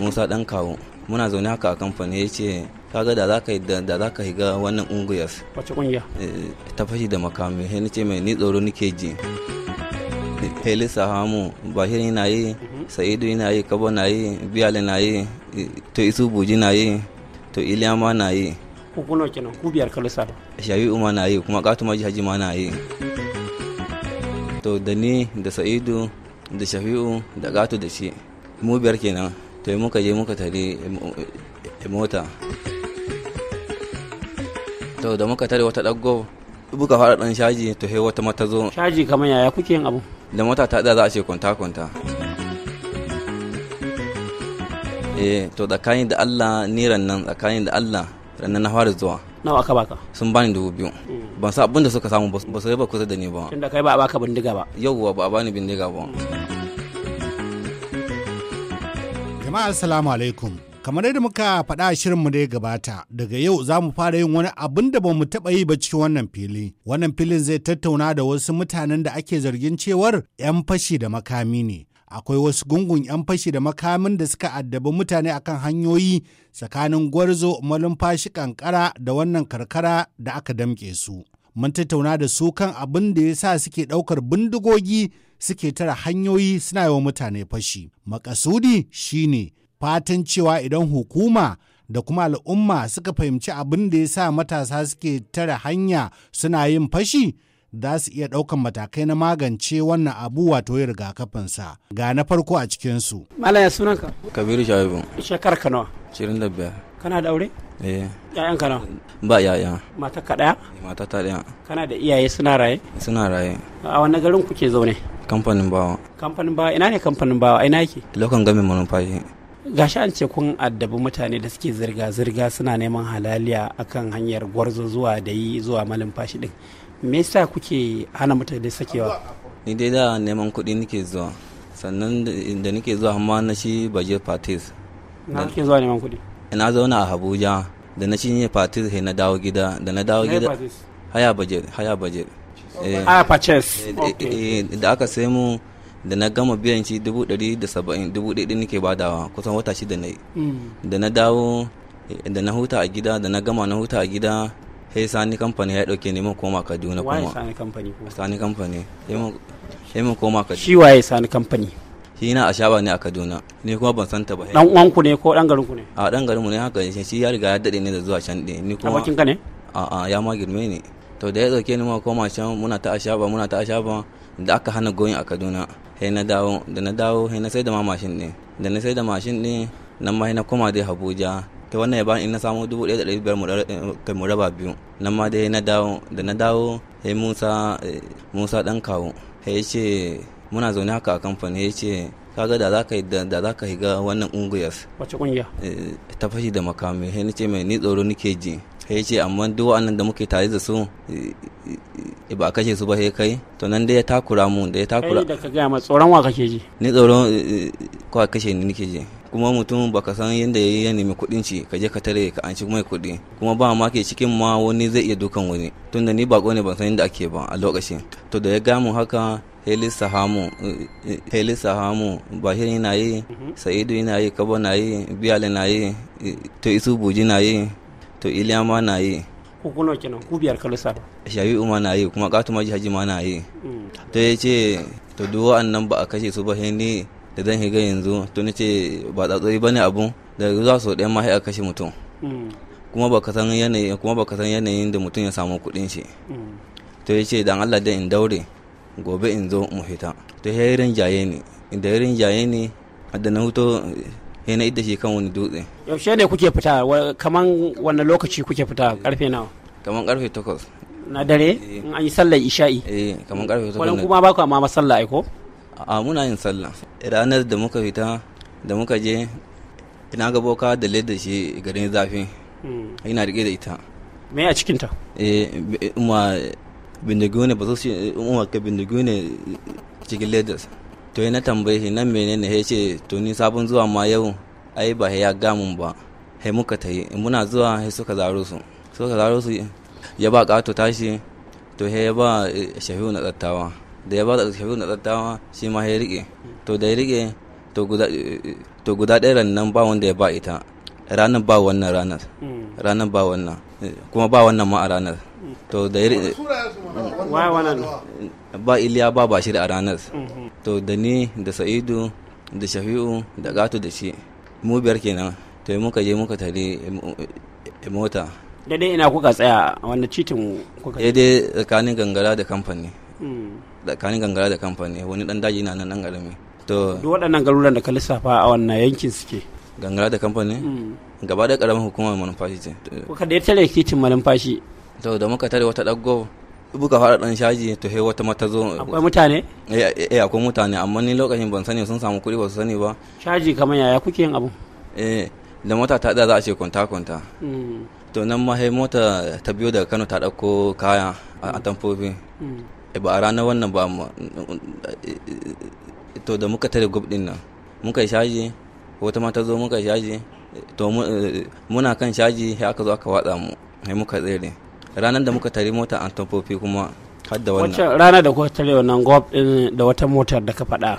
musa dan kawo muna zaune haka a kamfani ya ce kaga da zaka da zaka higa wannan unguya. wace kungiya eh, ta fashi da makami sai nace mai ni tsoro nake ji heli sahamu bahir yana yi mhm. sa'idu yana yi kabo na yi biyali na yi to isu buji na yi to iliyama na yi ku kenan ku biyar kalisa shayi uma na yi kuma katu maji haji ma na yi to da ni da sa'idu da shafi'u da gato da shi mu biyar kenan to muka je muka tare eh, mota to da muka tare wata ɗago buka fara ɗan shaji to he wata mata zo shaji kamar yaya kuke yin abu da mota ta da za a ce kwanta kwanta eh to tsakanin da Allah niran nan tsakanin da Allah rannan na fara zuwa nawa aka baka sun bani dubu biyu hmm. ban sa abin da suka samu ba su ba kusa da ni ba tunda kai ba a baka bindiga ba yauwa ba a bani bindiga ba Jama'a Assalamu alaikum. Kamar yadda muka faɗa a shirinmu da ya gabata, daga yau za mu fara yin wani abin da ba mu taɓa yi ba cikin wannan fili. Wannan filin zai tattauna da wasu mutanen da ake zargin cewar 'yan fashi da makami ne. akwai wasu gungun 'yan fashi da makamin da suka addabi mutane akan hanyoyi tsakanin gwarzo malumfashi kankara da wannan karkara da aka damƙe su. Mun tattauna da su kan abin da ya sa suke ɗaukar bindigogi suke tara hanyoyi suna yi wa mutane fashi makasudi shine fatan cewa idan hukuma da kuma al'umma suka fahimci abin da ya sa matasa suke tara hanya suna yin fashi za su iya ɗaukan matakai na magance wannan abu wato ya rigakafinsa ga na farko a cikinsu. Malaya sunanka? Kabiru Shabibu. Shekar ka nawa? da biyar. Kana da aure? Eh. Ya'yan ka nawa? Ba ya'ya. Mata ka ɗaya? Mata ta ɗaya. Kana da iyaye suna raye? Suna raye. A wani garin kuke zaune? kamfanin bawa kamfanin bawa ina ne kamfanin bawa ina yake lokan gamin manufashi gashi an ce kun addabi mutane da suke zirga-zirga suna neman halaliya akan hanyar gwarzo zuwa da yi zuwa fashi din me yasa kuke hana mutane da sakewa ni dai da neman kuɗi nake zuwa sannan da nake zuwa amma na shi baje patis na ke zuwa neman kuɗi ina zauna a abuja da na shi ne patis na dawo gida da na dawo gida haya baje haya baje Eh, ah, purchase eh, eh, da aka sai mu da na gama biyan shi dubu ɗari da saba'in dubu ɗaya nake badawa kusan wata shida na yi hmm. da na dawo da na huta a gida da na gama na huta a gida sai sani kamfani ya ɗauke neman koma kaduna kuma sani kamfani sani kamfani sai mun koma kaduna shi waye sani kamfani shi na a shaba ne a kaduna ni kuma ban santa ba dan uwan ku ne ko dan garin ku ne a dan garin mu ne haka shi ya riga ya dade ne da zuwa can ne ni kuma abokin ka ne a a ya ma girme ne to da ya dauke ni ma koma can muna ta ashaba muna ta ashaba da aka hana goyin a Kaduna he na dawo da na dawo he na sai da ma mashin din da na sai da mashin din nan ma na koma dai Abuja to wannan ya bani in na samu dubu ɗaya da ɗari biyar kai eh, mu raba biyu nan ma dai na dawo da na dawo he Musa eh, Musa dan kawo he ya ce muna zaune haka a kamfani ya ce kaga da za ka yi da za ka higa wannan ungiyar wace kungiya eh, ta fashi da makami he ni ce mai ni tsoro nike ji ya ce amma duk wa'annan da muke tare da su eh, ba a kashe su ba sai kai to nan dai ya takura mu da ya takura kai da ka gaya ma tsoron wa kake ji ni tsoron eh, eh, a kashe ni nake ji kuma mutum baka san yadda ya nemi kuɗin ci ka je ka tare ka an ci mai kuɗi kuma ba ma ke cikin ma wani zai iya dukan wani tunda ni bako ne ban san yadda ake ba a lokacin to da ya ga mu haka heli sahamu bahir mhm. sahamu na yi sa'idu na yi kaba na yi biyale na yi to isu buji na yi to iliya ma na yi ku kuna kenan ku biyar kalusa shayu ma na yi kuma katu maji haji ma na yi mm. to ya ce to duk wa'annan ba a kashe su ba ni da zan higa yanzu to ni ce ba tsatsori ba ne abun da zuwa sau ɗaya ma a kashe mutum mm. kuma ba ka san yanayin kuma ba ka san yanayin da mutum ya samu kuɗin shi mm. to ya ce dan Allah da in daure gobe in zo mu fita to ya yi rinjaye ne da ya rinjaye ne da na huto sai na idda shi kan wani dutse yaushe ne kuke fita kaman wannan lokaci kuke fita karfe nawa kaman karfe takwas na dare eh. in an yi sallar isha'i eh kaman karfe takwas wani kuma baku amma sallah ai ko a muna yin sallah ranar da muka fita da muka je ina ga boka da leda shi garin zafi hmm. ina rike da ita me a cikinta eh ma bindigo ne ba su umar ka bindigo ne cikin ledas to na tambaye shi nan menene ya ce to ni sabon zuwa ma yau ai ba ya gamun ba he muka ta yi muna zuwa he suka zaro su suka zaro su ya ba kato tashi to he ya ba eh, shafi na tsattawa da ya ba da na tsattawa shi ma he rike to da ya rike to guda eh, to guda ɗaya nan ba wanda ya ba ita ranar ba wannan ranar hmm. ranar ba wannan eh, kuma ba wannan ma a ranar hmm. to da ya rike ba iliya ba bashir a ranar hmm. to da ni da sa'idu da shafi'u da gato da shi mu biyar kenan to muka je muka tare eh, eh, mota daidai ina kuka tsaya a wanda citin kuka daidai tsakanin gangara da kamfani hmm. tsakanin gangara da kamfani wani dan daji na nan garami to duk waɗannan garuruwan da ka lissafa a wannan yankin suke gangara da kamfani hmm. gaba da karamin hukumar manufashi ce kuka da ya tare titin manufashi to da muka tare wata dago buka fara dan shaji to he wata mata zo akwai mutane eh, eh, eh akwai mutane amma ni lokacin ban sani sun samu kuɗi ba su sani ba shaji kamar yaya kuke yin abu eh da mota ta da za a ce kwanta kwanta hmm. to nan ma he mota ta biyo daga Kano ta dauko kaya a tamfofi hmm. eh, ba a ranar wannan ba to da muka tare gub din nan muka shaji wata mata zo muka shaji to muna kan shaji he aka zo aka watsa mu he muka tsere ranar da muka tare mota an tofofi kuma har da wannan wacce rana da kuka tare wannan gob din da wata motar da ka faɗa eh.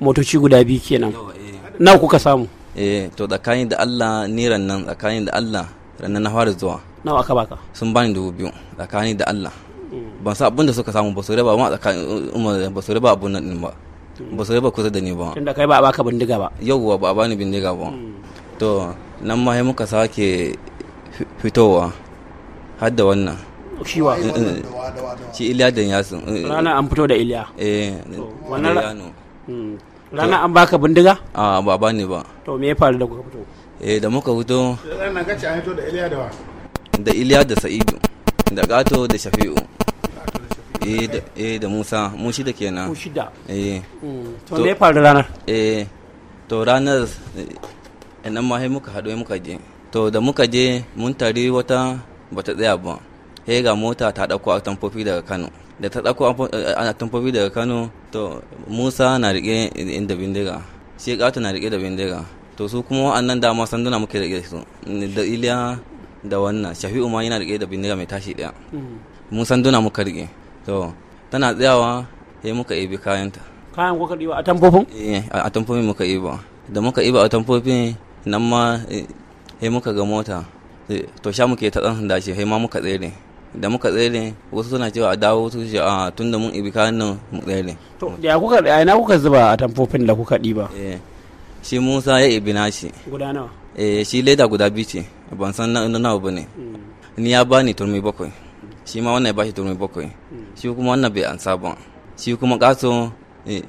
motoci guda biyu kenan eh. na kuka samu eh to tsakanin da Allah ni rannan tsakanin da Allah rannan na fara zuwa nawa aka baka sun bani dubu biyu tsakanin da Allah mm. ban sa abin da suka samu ba su raba ma tsakanin um, um, ba su raba abun nan ba mm. ba su raba kusa da ni ba tunda kai ba a baka bindiga ba yauwa ba a bani bindiga ba mm. to nan ma muka sake fitowa har da wannan shi wa eh, eh, shi iliya da yasin eh, rana an fito da iliya eh wannan hmm. rana an baka bindiga a ba ba ne ba to me ya faru da kuka fito eh da muka fito rana ga ci an fito da iliya da wa da iliya da sa'idu da gato da shafi'u eh da musa mu shida kenan mu shida eh hmm. to me ya faru ranar eh to ranar Ina ma muka haɗu muka je to da muka je mun tare wata bata tsaya ba sai ga mota ta ɗauko tamfofi daga kano da ta ɗauko eh, tamfofi daga kano to musa na riƙe da bindiga shi ƙato na riƙe da bindiga to su kuma wa'annan dama sanduna muke riƙe su da iliya da wannan shafi'u ma yana riƙe da bindiga mai tashi ɗaya mm-hmm. Mu sanduna muka riƙe to tana tsayawa sai muka ibi kayanta kayan kuka ɗiba a tamfofin? eh a tamfofin muka iba da muka iba a tamfofin nan ma sai eh, muka ga mota Eh, to sha muke ta tsan da shi hai ma muka tsere da muka tsere wasu suna cewa a dawo su a tun da mun ibi kayan nan mu tsere to ya kuka ina kuka zuba a tamfofin da kuka ɗiba eh, shi Musa ya ibi nashi guda nawa eh shi leda guda biyu ce ban san na nawa bane hmm. ni ya bani turmi bakwai shi ma wannan ya bashi turmi bakwai hmm. shi kuma wannan bai ansa ba shi kuma kaso eh,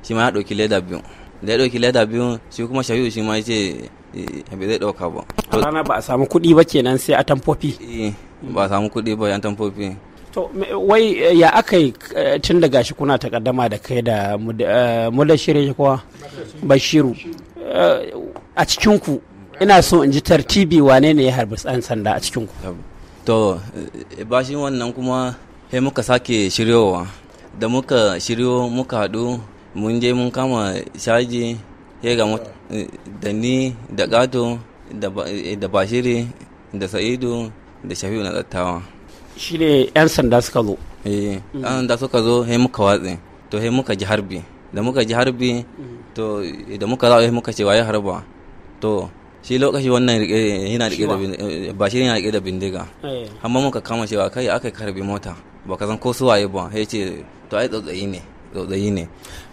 shi ma ya ɗauki leda biyu da ya ɗauki leda biyu shi kuma shafi'u shi ma ya ce eh, bai zai ɗauka ba. a rana ba a samu kuɗi ba kenan sai a tamfofi. Eh, ba a samu kuɗi ba yan tamfofi. to wai eh, ya aka yi tun da gashi kuna takaddama da kai da kowa kuwa bashiru a cikinku ina so in ji tartibi wane ne ya harbi tsan sanda a cikinku. to shi wannan kuma sai muka sake shiryowa da muka shiryo muka haɗu mun je mun kama shaji ya ga da ni da gato da bashiri da sa'idu da shafi'u na tsattawa shi ne 'yan sanda suka zo eh mm. 'yan sanda suka zo sai muka watse to sai muka ji harbi da muka ji harbi mm. to da muka zaɓe muka ce waye harba to shi lokaci wannan yana rike da ba yana rike da bindiga eh. amma muka kama cewa kai aka karbi mota ba ka san ko suwaye ba sai ce to ai tsotsayi ne tsautsayi ne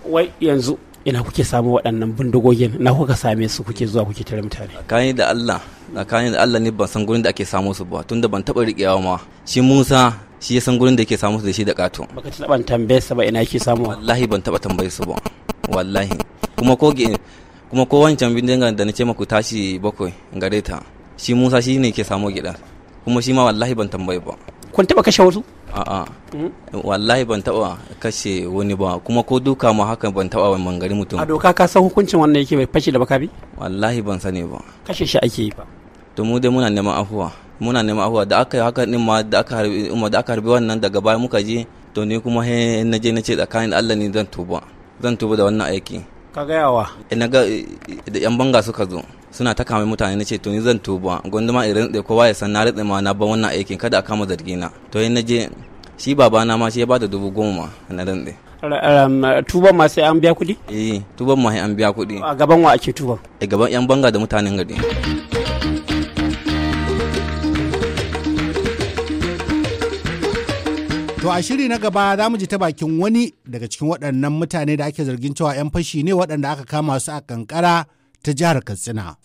wai yanzu ina kuke samu waɗannan bindigogin na kuka same su kuke zuwa kuke tare mutane tsakani da Allah tsakani da Allah ne ban san gurin da ake samu su ba tunda ban taɓa riƙewa ma shi Musa shi ya san gurin da yake samu su da shi da ƙato baka taɓa tambaye sa ba ina ke samu wallahi ban taɓa tambaye su ba wallahi kuma ko kuma ko wancan bindigan da na ce maku tashi bakwai gare ta shi Musa shi ne ke samu gida kuma shi ma wallahi ban tambaye ba kun taɓa kashe wasu a'a hmm? wallahi ban taba kashe wani ba kuma ko duka ma haka ban taba ban mangari mutum a doka ka san hukuncin wannan yake mai fashe da baka bi wallahi ban sani ba kashe shi ake yi ba to mu dai muna neman afuwa muna neman afuwa da aka haka din ma da aka harbi umma da aka harbi wannan daga baya muka je to ni kuma he na je na ce tsakanin Allah ne zan tuba zan tuba da wannan aiki ka ga yawa eh, na ga yan eh, banga suka zo suna ta kama mutane na ce to ni zan tuba gwanda ma irin kowa ya san na rinde ma na ban wannan aikin kada a kama na to yin na je shi babana ma shi ya bada dubu goma na rinde tuban ma sai an biya kuɗi? eh tuban ma sai an biya kuɗi a gaban wa ake tuban a gaban yan banga da mutanen gari To a shiri na gaba za mu ji ta bakin wani daga cikin waɗannan mutane da ake zargin cewa 'yan fashi ne waɗanda aka kama su a kankara ta jihar Katsina.